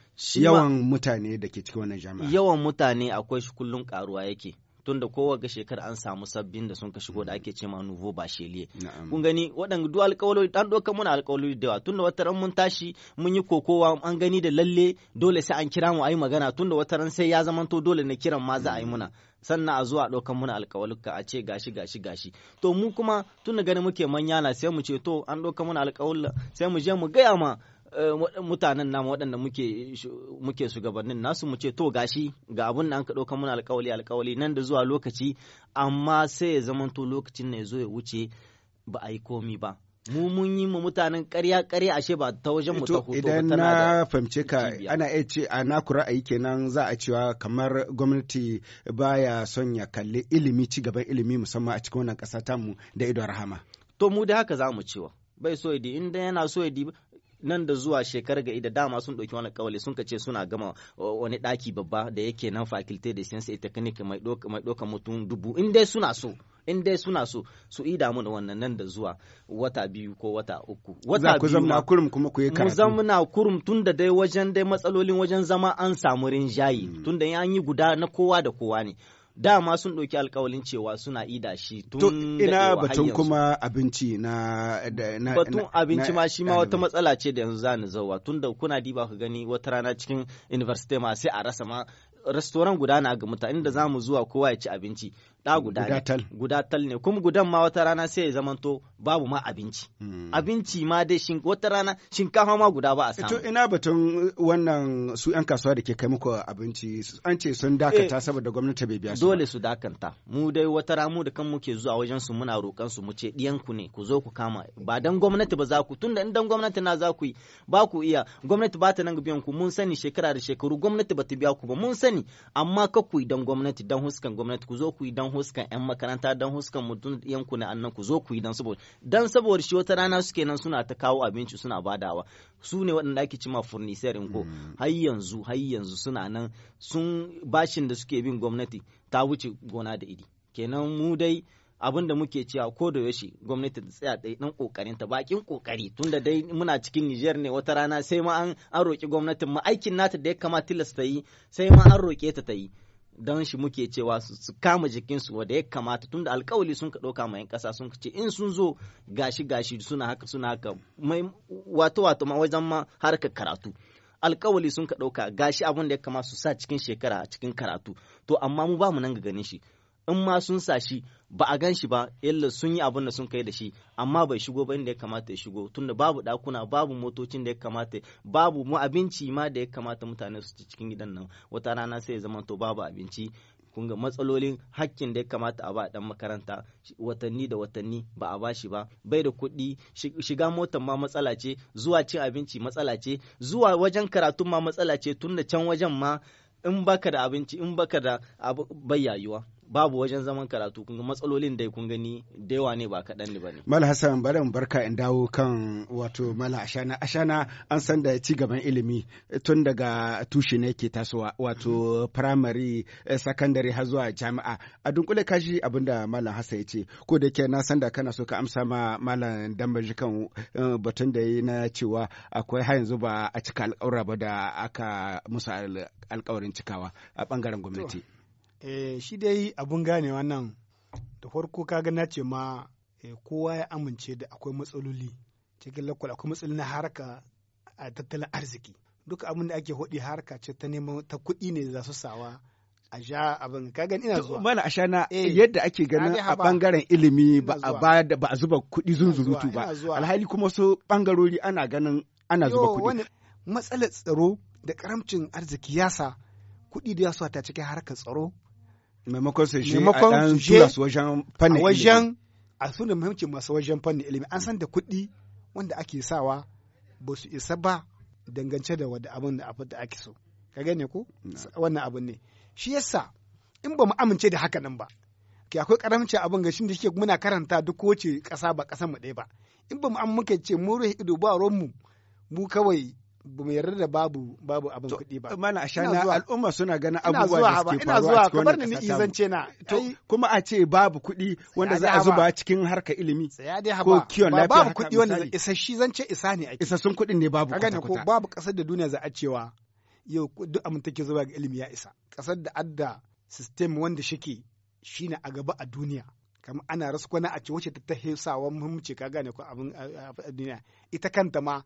Speaker 2: yawan mutane da ke cikin wannan jami'a
Speaker 3: yawan mutane akwai shi kullum karuwa yake tunda kowace shekara an samu sabbin da sun ka shigo da ake cema nuvo ba sheliye kun gani waɗanda duk alƙawaloli dan doka muna alƙawaloli da yawa tunda wata ran mun tashi mun yi kokowa an gani da lalle dole sai an kira mu yi magana tunda wata ran sai ya zamanto dole na kiran ma za a yi muna sannan a zuwa ɗaukan muna alƙawalluka a ce gashi gashi gashi to mu kuma tun da gani muke manya na sai mu ce to an ɗauka muna alƙawalla sai mu je mu gaya ma Eh, mutanen namu waɗanda muke shugabannin nasu mu ce to gashi ga abun da an ka ɗauka muna alƙawali alƙawali nan da zuwa lokaci amma sai ya to lokacin ne zo ya wuce ba a yi komi ba mu mun yi mu mutanen ƙarya ƙarya ashe ba ta wajen mu ta hoto idan na
Speaker 2: fahimce ka ana iya ce a kura ayi kenan za a cewa kamar gwamnati baya son ya kalli ilimi ci gaban ilimi musamman a cikin wannan ƙasa tamu da ido rahama to mu da haka za mu cewa
Speaker 3: bai so ya in dai yana so ya nan da zuwa shekarar ga ida dama sun ɗauki wani kawali sun ce suna gama wani ɗaki babba da yake nan faculty da science and technique mai ɗaukan mutum dubu in dai suna so in dai suna so su ida mu da wannan nan da zuwa wata biyu ko wata
Speaker 2: uku wata biyu ku zama kurum kuma ku yi karatu mu
Speaker 3: zama kurum tunda dai wajen dai matsalolin wajen zama an samu rinjaye hmm. tunda da an yi guda na kowa da kowa ne dama sun ɗauki alkawalin cewa suna ida shi tun ina batun
Speaker 2: kuma abinci na batun abinci ma shi ma wata
Speaker 3: matsala ce da yanzu za zauwa tun da kuna diba ku gani wata rana cikin university ma sai a rasa ma restoran guda na ga mutane da zamu zuwa kowa ya ci abinci ɗa guda guda tal ne kuma gudan ma wata rana sai ya zamanto babu ma abinci hmm. abinci ma dai shin wata rana shinkafa ma guda ba a samu to
Speaker 2: ina batun wannan su yan kasuwa da ke kai muku abinci an ce sun dakata eh. saboda gwamnati bai biya su dole su
Speaker 3: dakanta mu dai wata rana mu da kan muke zuwa wajen su muna roƙan su mu ce ɗiyan ku ne ku zo ku kama ba dan gwamnati ba za ku tunda in dan gwamnati na za ku yi ba ku iya gwamnati ba ta nan biyan ku mun sani shekara da shekaru gwamnati ba ta biya ku ba mun sani amma ka ku yi dan gwamnati dan huskan gwamnati ku zo ku yi dan huskan yan makaranta dan huskan mutum yanku na annan ku zo ku yi dan saboda dan saboda shi wata rana suke nan suna ta kawo abinci suna badawa su ne waɗanda ake cima furnisiyar ko mm. har yanzu har yanzu suna nan sun bashin da suke bin gwamnati ta wuce gona da iri kenan mu dai abin da muke cewa ko da yaushe gwamnati ta tsaya tsaye dan kokarin ta bakin kokari tunda dai muna cikin Niger ne wata rana sai ma an roki gwamnatin mu aikin nata da ya kamata tilasta yi sai ma an roke ta ta yi don shi muke cewa su kama jikinsu wanda ya kamata tunda alkawali sun ka ɗauka mai ƙasa sun ce in sun zo gashi gashi suna haka suna haka mai wato wato ma wajen ma harkar karatu alkawali sun ka ɗauka gashi abin da ya kamata su sa cikin shekara cikin karatu to amma mu ba mu nan ga ganin shi in ma sun sa shi ba a gan shi ba illa sun yi abin da sun kai da shi amma bai shigo ba inda ya kamata ya shigo tunda babu dakuna babu motocin da ya kamata babu mu abinci ma da ya kamata mutane su ci cikin gidan nan wata rana sai ya zama to babu abinci kun ga matsalolin hakkin da ya kamata a ba dan makaranta watanni da watanni ba a bashi ba bai da kuɗi shiga motar ma matsala ce zuwa cin abinci matsala ce zuwa wajen karatun ma matsala ce tunda can wajen ma in baka da abinci in baka da bayayuwa babu wajen zaman karatu kun matsalolin dai kun gani da yawa ne ba kaɗan ne ba ne.
Speaker 2: Mala Hassan bari barka in dawo kan wato Mala Ashana. Ashana an san da ci gaban ilimi eh, tun daga tushe ne ke tasowa wato primary eh, secondary har zuwa jami'a. A dunkule kashi abinda Malam Hassan ya ce ko da ke na san da kana so ka amsa ma Malam Dambaji kan eh, batun da ya na cewa akwai har yanzu ba a cika alƙawura ba da aka musu alƙawarin cikawa a ɓangaren gwamnati. Eh, shi dai abun gane wannan da farko kaga na ce ma eh, kowa ya amince da akwai matsaloli cikin lakwal akwai matsaloli na harka a tattalin arziki duka abin da ake hudi harka ce ta neman ta kuɗi ne za su sawa a sha abin ka gani ina zuwa mana a sha na yadda ake ganin a bangaren ilimi ba a ba da ba a zuba kuɗi zunzurutu ba alhali kuma su bangarori ana ganin ana zuba kuɗi matsalar tsaro da karamcin arziki yasa kuɗi da yasa ta cikin harkar tsaro maimakon su shi a dan tura su wajen fannin wajen a suna muhimmanci masu wajen fannin ilimi an san da kuɗi wanda ake sawa ba su isa ba dangance da wadda abin da abin da ake so ka gane ko wannan abin ne shi yasa in ba mu amince da haka nan ba ke akwai karamci abin ga shi da shike muna karanta duk wace ƙasa ba ƙasar mu ɗaya ba in ba mu amince ce mu rufe ido ba ruwan mu mu kawai ba mu yarda da babu babu abin kuɗi ba. Mana ashana al'umma suna ganin abubuwa da suke faruwa a cikin wannan ƙasa. Ina zuwa izance na. To kuma a ce babu kuɗi wanda za a zuba cikin harkar ilimi. Ko kiyon lafiya Babu kuɗi wanda isa shi zance isa ne ake. Isassun kuɗin ne babu kwata ko babu ƙasar da duniya za a cewa yau duk abin take zuba ga ilimi ya isa. Ƙasar da adda system wanda shike shine a gaba a duniya. kamar ana rasu kwana a ce wacce ta tahe sawa muhimmanci ka gane ko abin duniya ita kanta ma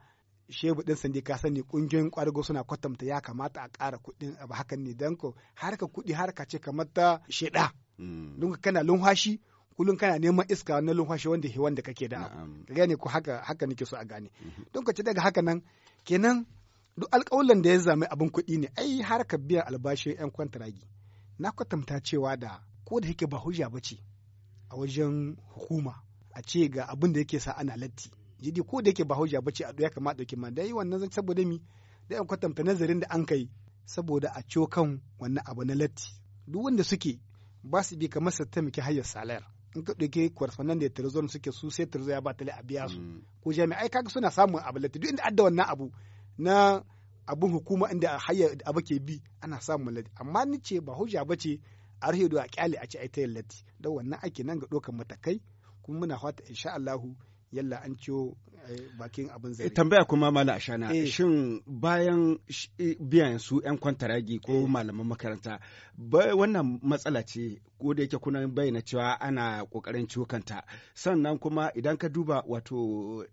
Speaker 2: shebu ɗin sandi ka sani ƙungiyoyin ƙwadago suna kwatanta ya kamata a ƙara kuɗin abu hakan ne don ko harka kuɗi harka ce kamar ta sheɗa. Mm. Don kana lumhashi kullum kana neman iska na lumhashi wanda he wanda kake da Ka gane ko haka haka nake so a gane. Mm-hmm. Don ka daga haka nan kenan duk alƙawulan da ya zama abin kuɗi ne ai harka biyan albashi 'yan kwantaragi. Na kwatanta cewa da ko da yake ba hujja ba ce a wajen hukuma a ce ga abin da yake sa ana latti. jidi ko da yake ba hauja bace a ya kamata dauki ma dai wannan zan saboda mi da an kwatanta nazarin da an kai saboda a ciwo kan wannan abu na latti duk wanda suke ba su bi kamar sa taimaki hayar salayar in ka ɗauke correspondent da tirzon suke su sai tirzo ya ba tale a biya su mm. ko jami'ai kaga suna samun abu latti duk inda adda wannan abu na abun hukuma inda a hayar abu ke bi ana samun latti amma ni ce ba ce bace a rahe a kyale a ci a ta latti da wannan ake nan ga ɗaukar matakai kuma muna fata insha Allahu يلا انتو bakin abin zai eh, tambaya kuma mala ashana eh. shin bayan eh, biyan su yan kwantaragi ko malaman makaranta wannan matsala ce ko da yake kuna bayyana cewa ana kokarin cokanta sannan kuma idan ka duba wato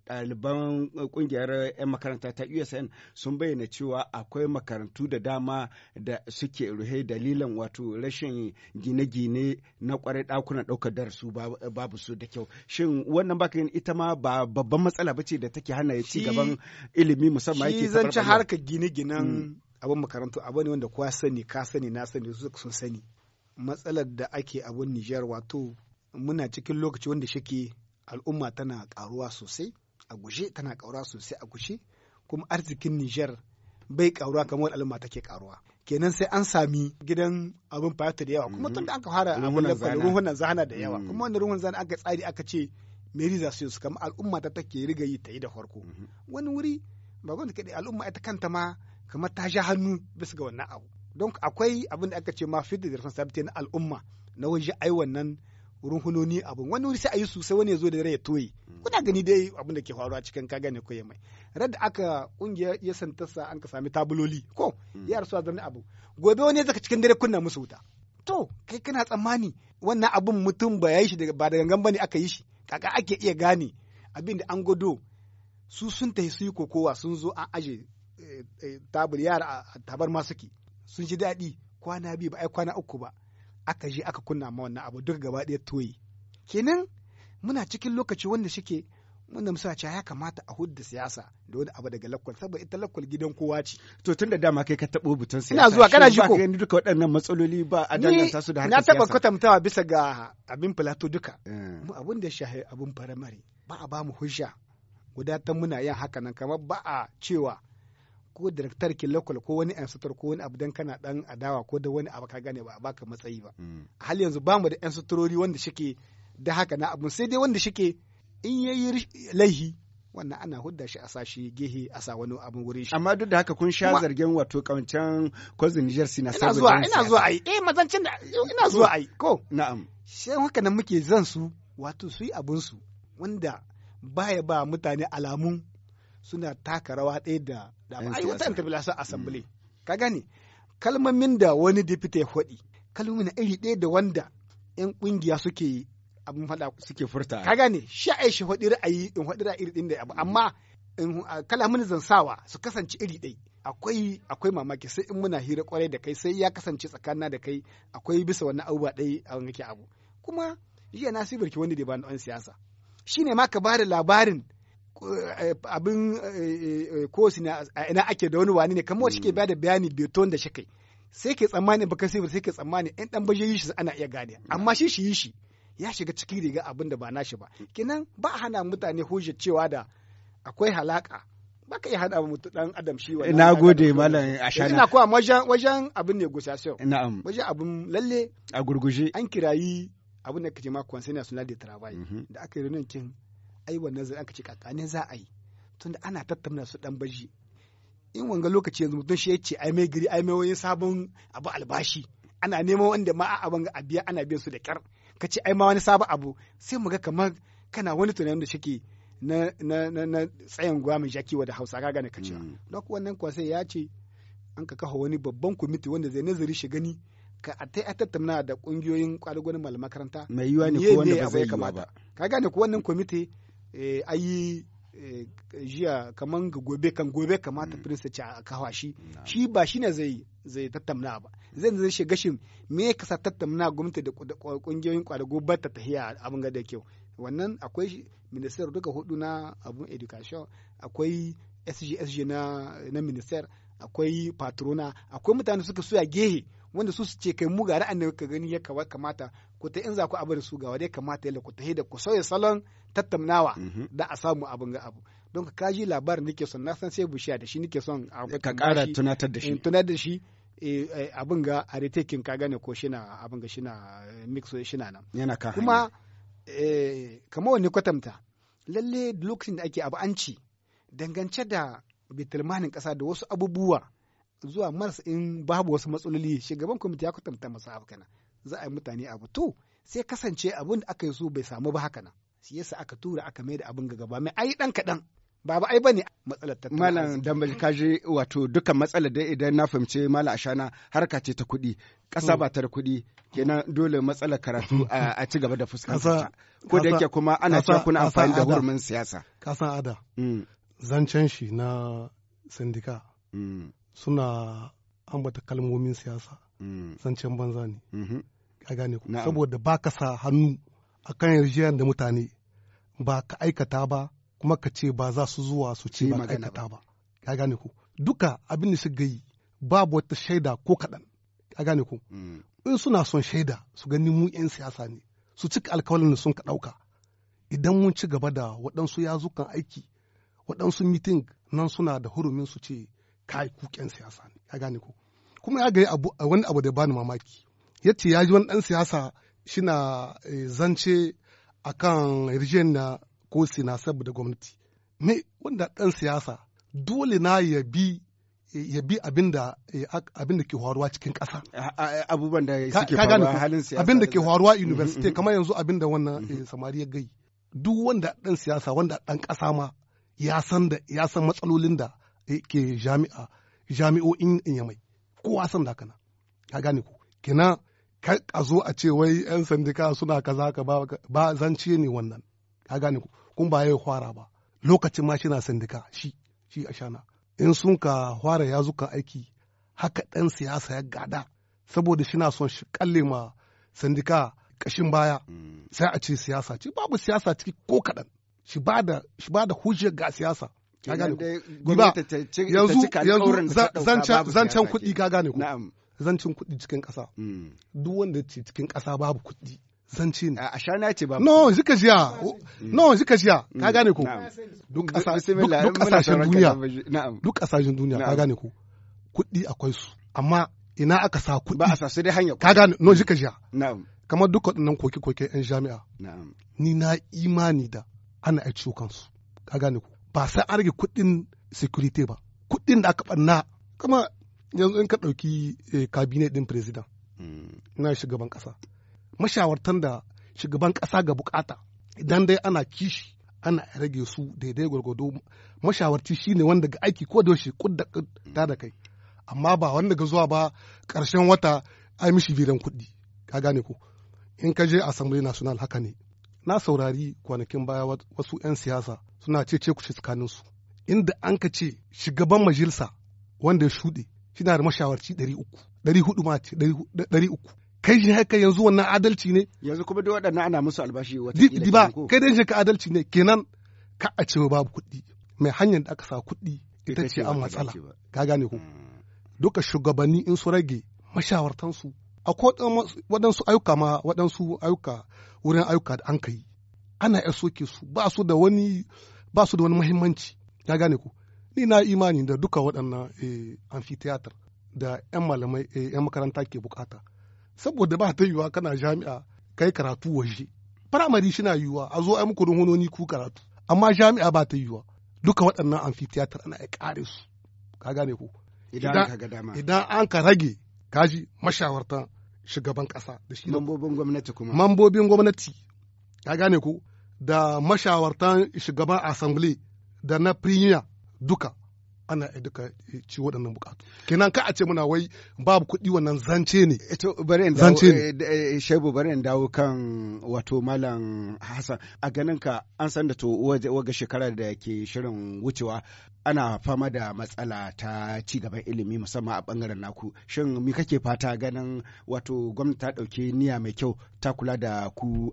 Speaker 2: ɗaliban kungiyar yan makaranta ta USN sun bayyana cewa akwai makarantu da dama da suke ruhe dalilan wato rashin gine-gine na kwarai ɗakunan ɗaukar darasu babu su da kyau shin wannan baka ita ma ba babban matsala ba ce da take hana ya ci gaban ilimi musamman yake zan ci harka gine-ginen mm. abin makarantu abu ne wanda kowa sani ka sani na sani su sun sani matsalar da ake abun Nijar wato muna cikin lokaci wanda shike al'umma tana karuwa sosai a guje tana karuwa sosai a guje kuma arzikin Nijar bai karuwa kamar al'umma take karuwa kenan sai an sami gidan abin fata da yawa kuma mm-hmm. tun da aka fara abin da ruhunan zana da yawa mm. kuma wanda ruhun zana aka tsari aka ce za su kama al'umma ta take riga yi ta yi da farko mhm. wani wuri ba gwamnati kaɗai al'umma ita kanta ma kamar ta sha hannu bisa ga wannan abu don akwai abin da aka ce ma fit da responsibility na al'umma na wajen ai wannan runhunoni abin wani wuri sai a yi su sai wani ya zo da rai ya toye mm. kuna gani dai abin da ke faruwa cikin gane ko ya mai radda aka kungiyar ya santarsa an ka sami tabuloli ko mm. yara su zama abu gobe wani ya zaka cikin dare kunna musu wuta to kai kana tsammani wannan abin mutum ba ya yi shi ba da gangan bane aka yi shi kaka ake iya gane abin da an gado su sun tafi su yi kokowa sun zo an aje eh, eh, tabur yara a tabar ma suke sun ji daɗi kwana biyu ba ai kwana uku ba aka je aka kunna ma wannan abu duk gaba ɗaya toyi kenan muna cikin lokaci wanda shike mun da musa ya kamata a hudda siyasa da wani abu daga lakwal saboda ita lakwal gidan kowa ce to tunda dama kai ka tabo butun siyasa ina zuwa kana ji ko ni duka waɗannan matsaloli ba a danganta su da harkar siyasa na taba kwatantawa bisa ga abin filato duka eh. mu abin da shahi abin faramare ba a ba mu hujja Guda ta muna yin haka nan kamar ba a cewa ko direktar ki lokal ko wani sutur ko wani abu dan kana dan adawa ko da wani abu ka gane ba a baka matsayi ba hmm. hal yanzu ba mu da suturori wanda shike da haka na abu sai dai wanda shike in ya yi laihi wannan ana hudda shi a sashi gehe a sa wani abin wurin shi amma duk da haka kun sha zargin wato kawancan kwazin Niger sina ina zuwa ina zuwa ai eh mazancin da ina zuwa ai ko na'am shi haka nan muke zan su wato su yi abin su wanda baya ba mutane alamun suna taka rawa ɗaya da da ai wata interpellation assembly mm. ka gane kalmomin da wani deputy ya faɗi kalmomin iri ɗaya da wanda yan kungiya suke abin faɗa suke furta ka gane shi ai shi hudu ra'ayi in faɗi ra'ayi din da abu amma kalamin zansawa su kasance iri ɗai akwai akwai mamaki sai in muna hira kwarai da kai sai ya kasance tsakanina da kai akwai bisa abu abubuwa ɗai a wani abu kuma jiya nasibar ki wani da bani siyasa Shi ne ma ka ba da labarin eh, abin eh, eh, ko ina ake da wani wani ne kamar shi ke mm. bada bayani beton da shi kai sai ke tsammani baka sai ke tsammani ɗan ɗan baje yi shi ana iya gane mm. amma shi shi yi shi ya shiga cikin riga abin da ba nashi ba kinan ba hana mutane hujjar cewa da akwai halaka ka iya hada mutu dan adam shi wannan na gode malam ashana ina kuma wajen wajen abin ne gusasau na'am wajen abin lalle a gurguje an kirayi abin da kace ma consignation national de travail mhm. da aka yi nan kin ai wannan zai aka ce kakane za a yi tunda ana tattauna su dan baji in wanga lokaci yanzu mutum shi ya ce ai mai giri ai mai wani sabon abu albashi ana neman wanda ma a abin a biya ana biyan su da kyar ka ce ai ma wani sabon abu sai mu ga kamar kana wani tunanin da shike na na na, na tsayin gwamin jaki wa da Hausa ka gane ka ce mm. don wannan sai ya ce an ka kafa wani babban kwamiti wanda zai nazari shi gani ka a ta tattauna da kungiyoyin kwadugunin malam makaranta mai yiwa ne ko wanda ba zai ba. ka gane ko wannan kwamiti eh, ayi Eh, jiya kaman ga gobe kan gobe kamata mm. prince ci a kawa shi shi ba shine zai zai tattamna ba zai zai shiga shin me ya kasa tattamna gwamnati da kungiyoyin kwadago ba ta tahiya abin ga da kyau wannan akwai minister duka hudu na abun education akwai sgsg na na minister akwai patrona akwai mutane suka suya gehe wanda su ce kai mu ga ra'ayin ka gani ya kamata ku ta in za ku abar su gawa dai kamata yadda ku tahi da ku sauya salon tattaunawa mhm. da a samu abin ga abu don ka kaji labarin nake son na san sai bushiya da shi nake son ka kara tunatar da shi tunatar da shi eh, eh, abin ga a retakin ka gane ko shina abin ga shina eh, mix shina nan yana ka kuma kamar wani kwatanta lalle lokacin da ake abu an ci dangance da bitulmanin kasa da wasu abubuwa zuwa mars in babu wasu matsaloli shugaban kwamiti ya kwatanta masa haka za a yi mutane abu to sai kasance abin da aka yi so bai samu ba haka nan shi yasa aka tura aka mai da abin ga gaba mai ai dan kadan ba ba ai bane matsalar tattalin malam dambal kaji wato dukkan matsalar da idan na fahimce malam ashana harka ce ta kuɗi ƙasa hmm. ba ta da kuɗi kenan dole matsalar karatu a ci gaba da fuskanta ko da yake kuma ana cewa kuna amfani da hurumin siyasa
Speaker 1: kasa ada hmm. zancen shi na sindika hmm. suna ambata kalmomin siyasa zancen mm. banza ne mm-hmm. ka gane ku saboda ba ka sa hannu akan yarjejiyar da mutane ba ka aikata ba kuma ka ce ba za su zuwa su ce ba ka aikata ba ka gane ku duka abin da su gayi babu wata shaida ko kaɗan ka gane ku mm. in suna son shaida su gani mu 'yan siyasa ne su cika alkawalin da sun ka ɗauka idan mun ci gaba da waɗansu yazukan aiki waɗansu mitin nan suna da hurumin su ce kai ku 'yan siyasa ne ka gane ku kuma ya gari wani abu da bani mamaki ya ce ya ji wani ɗan siyasa shina eh, zance a kan na ko sina da gwamnati me wanda ɗan siyasa dole na ya bi ya bi abin da eh, ke faruwa cikin ƙasa. Abubuwan da suke faruwa halin siyasa. Abin da ke faruwa mhm, university mhm. kamar yanzu abin da wannan eh, mhm. samari ya gai. Duk wanda ɗan siyasa wanda ɗan ƙasa ma ya san matsalolin da ke jami'a jami'o'in yamai. kowa san da kana ka gane ku. kina a zo a ce wai yan sandika suna kaza ka ba zanci ne wannan ka gane ku kun ba yayi fara ba lokacin ma shina sandika shi shi shana in sun ka fara zuka aiki haka dan siyasa ya gada saboda shina son shi kalle ma sandika kashin baya mm. sai a ce siyasa ce babu siyasa ciki ko kaɗan shi ba da hujjar ga siyasa ka gane ko ba yanzu zancen kuɗi ka gane ku zancen kuɗi cikin ƙasa mm. duk wanda ce cikin ƙasa babu kuɗi zance ne a shana ce ba no zika jiya mm. no zika jiya ka mm. gane ko duk ƙasashen duniya duk ƙasashen duniya ka gane ko kuɗi akwai su amma ina aka sa kuɗi ba a sa sai dai hanya ka gane no zika jiya na'am kamar duk waɗannan koke-koke 'yan jami'a ni na imani da ana aiki kansu ka gane ko ba sai an rage kuɗin security ba kuɗin da aka ɓanna kama yanzu in ka ɗauki kabinet eh, ɗin president hmm. na shugaban ƙasa mashawartan da shugaban ƙasa ga bukata idan dai ana kishi ana rage su daidai gwargwado mashawarci shine wanda ga aiki ko da shi kudda da hmm. da kai amma ba wanda ga zuwa ba ƙarshen wata ai mishi biran kuɗi ka gane ko in ka je assembly national haka ne na saurari kwanakin baya wasu 'yan siyasa suna ce ce kuce tsakaninsu inda an ka ce shugaban majalisa wanda ya shuɗe shi na da mashawarci ɗari uku ɗari hudu ma ce ɗari uku kai shi haka yanzu wannan adalci ne
Speaker 2: yanzu kuma da waɗannan
Speaker 1: ana musu albashi wata di ba kai shi ka adalci ne kenan ka a ce babu kuɗi mai hanyar da aka sa kuɗi ita ce an matsala ka gane ku hmm. duka shugabanni in su rage mashawartansu akwai waɗansu ayyuka ma waɗansu ayyuka wurin ayyuka da an ka yi ana ya soke su ba su da wani ba su da wani muhimmanci ya gane ku ni na imani da duka waɗannan eh, amphitheater da 'yan malamai 'yan eh, makaranta ke bukata saboda ba ta yiwuwa kana jami'a kai karatu waje firamare na yiwuwa a zo yi muku rumunoni ku karatu amma jami'a ba ta yiwuwa duka waɗannan amphitheater ana ya kare su ka gane ku
Speaker 2: idan
Speaker 1: an ka rage kaji mashawartan shugaban ƙasa da shi
Speaker 2: mambobin gwamnati kuma
Speaker 1: mambobin gwamnati ka gane ku. da mashawartan shugaban assembly da na premier duka ana duka ci waɗannan bukatu kenan ka a ce muna wai babu kuɗi wannan zance ne eh, zance ne
Speaker 2: eh, eh, shebu bari in dawo kan wato malam hassan a ganin ka an san da to waga shekara da ke shirin wucewa ana fama da matsala ta ci gaban ilimi musamman a bangaren naku shin mi kake fata ganin wato gwamnati ta dauke niyya mai kyau ta kula da ku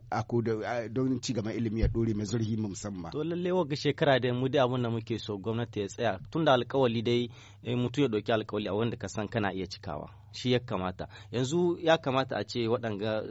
Speaker 2: a don ci gaban ilimi ya dore mai zurfi musamman
Speaker 3: to lalle wa shekara da mu da abun da muke so gwamnati ya tsaya tunda alkawali dai eh, mutu ya dauki alkawali a wanda ka san kana iya cikawa shi ya kamata yanzu ya kamata a ce waɗanga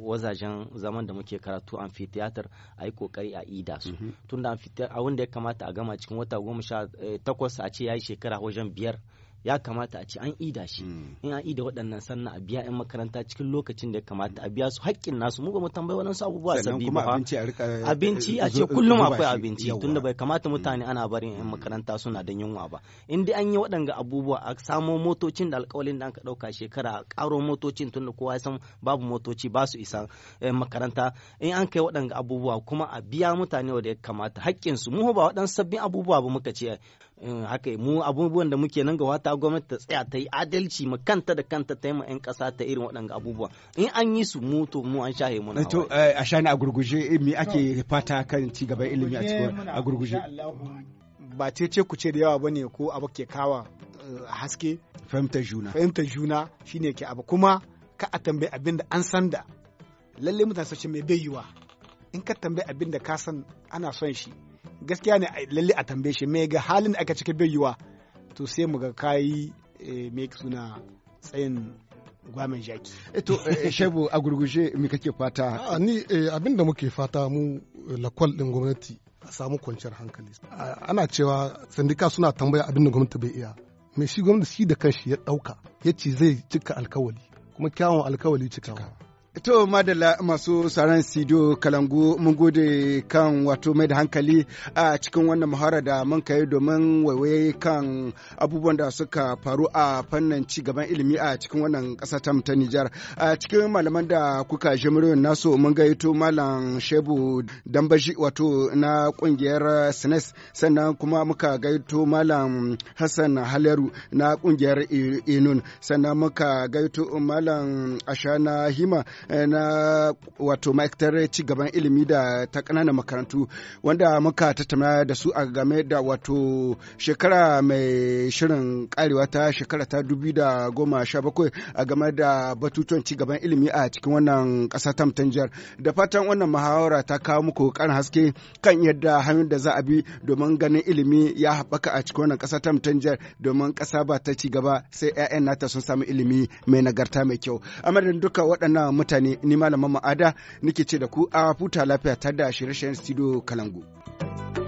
Speaker 3: wazajen zaman da muke karatu amphitheater a yi kokari a ida su mhm. tunda amphitheater abin da ya kamata a gama cikin wata goma sha eh, takwas a ce ya yi shekara wajen biyar ya kamata a ce an ida shi hmm. in an ida waɗannan sannan a biya 'yan makaranta cikin lokacin da ya kamata a biya su haƙƙin nasu mu ba mu tambayi waɗansu abubuwa sabbi ba
Speaker 2: eh, eh, abinci a ce kullum akwai abinci
Speaker 3: tunda bai kamata hmm. mutane ana barin 'yan hmm. makaranta suna da yunwa ba in dai an yi waɗanga abubuwa a samo motocin da alƙawalin da aka ɗauka shekara a ƙaro motocin tunda kowa ya san babu motoci ba su isa makaranta in an kai waɗanga abubuwa kuma a biya mutane da ya kamata haƙƙinsu mu ba waɗansu sabbin abubuwa ba muka ce Eh, haka mu abubuwan da muke nan ga wata gwamnati ta tsaya ta yi adalci ma kanta da kanta ta yi ma 'yan ƙasa ta irin waɗanga abubuwa in an yi su mu to mu an shahe mu eh, to
Speaker 2: eh, a shani a gurguje me ake fata kan ci gaban ilimi a cikin a gurguje ba ce ce ku ce da yawa bane ko abu ke kawa haske fahimtar juna fahimtar juna shine ke abu kuma ka a tambayi abin da an san da lalle mutane sace mai bai yiwa in ka tambayi abin da ka san ana son shi gaskiya ne lalle a tambaye shi me ga halin da aka cika bai yiwa to sai mu ga kayi eh, me suna tsayin gwamin jaki. Eh, to, eh, Shebu
Speaker 1: a gurgushe me kake fata? Ah. Ni abin da muke fata mu lakwal ɗin gwamnati a samu kwanciyar hankali. Ana cewa sandika suna tambaya abin da gwamnati bai iya. mai shi gwamnati shi da kanshi ya ɗauka ya ce zai cika alkawali kuma kyawun alkawali cikawa.
Speaker 2: To madalla masu sauran sidiyo kalangu mun gode kan wato mai da hankali a cikin wannan muhara da mun kai domin waiwaye kan abubuwan da suka faru a fannin ci gaban ilimi a cikin wannan ƙasa ta ta Nijar. A cikin malaman da kuka ji muryoyin nasu mun gaito malam Shebu Dambashi wato na kungiyar SNES sannan kuma muka gaito malam Hassan Haleru na kungiyar Inun e-, sannan muka gaito malam Ashana Hima Eh, na wato ma'aikatar ci gaban ilimi da ta ƙananan makarantu wanda muka tattauna da su a game da wato shekara mai shirin karewa ta shekara ta dubi da goma sha bakwai a game da batutuwan ci gaban ilimi a cikin wannan ƙasa ta mutanjiyar da fatan wannan muhawara ta kawo muku ƙarin haske kan yadda hanyar da za a bi domin ganin ilimi ya haɓaka a cikin wannan ƙasa ta mutanjiyar domin ƙasa ba ta ci gaba sai 'ya'yan nata sun samu ilimi mai nagarta mai kyau amadin duka waɗannan mutane mutane ni malaman ma'ada nake ce da ku a futa lafiya tare da shirye-shiryen studio kalangu.